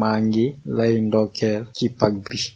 Maa ngi lay ndokkeel ci pag bi.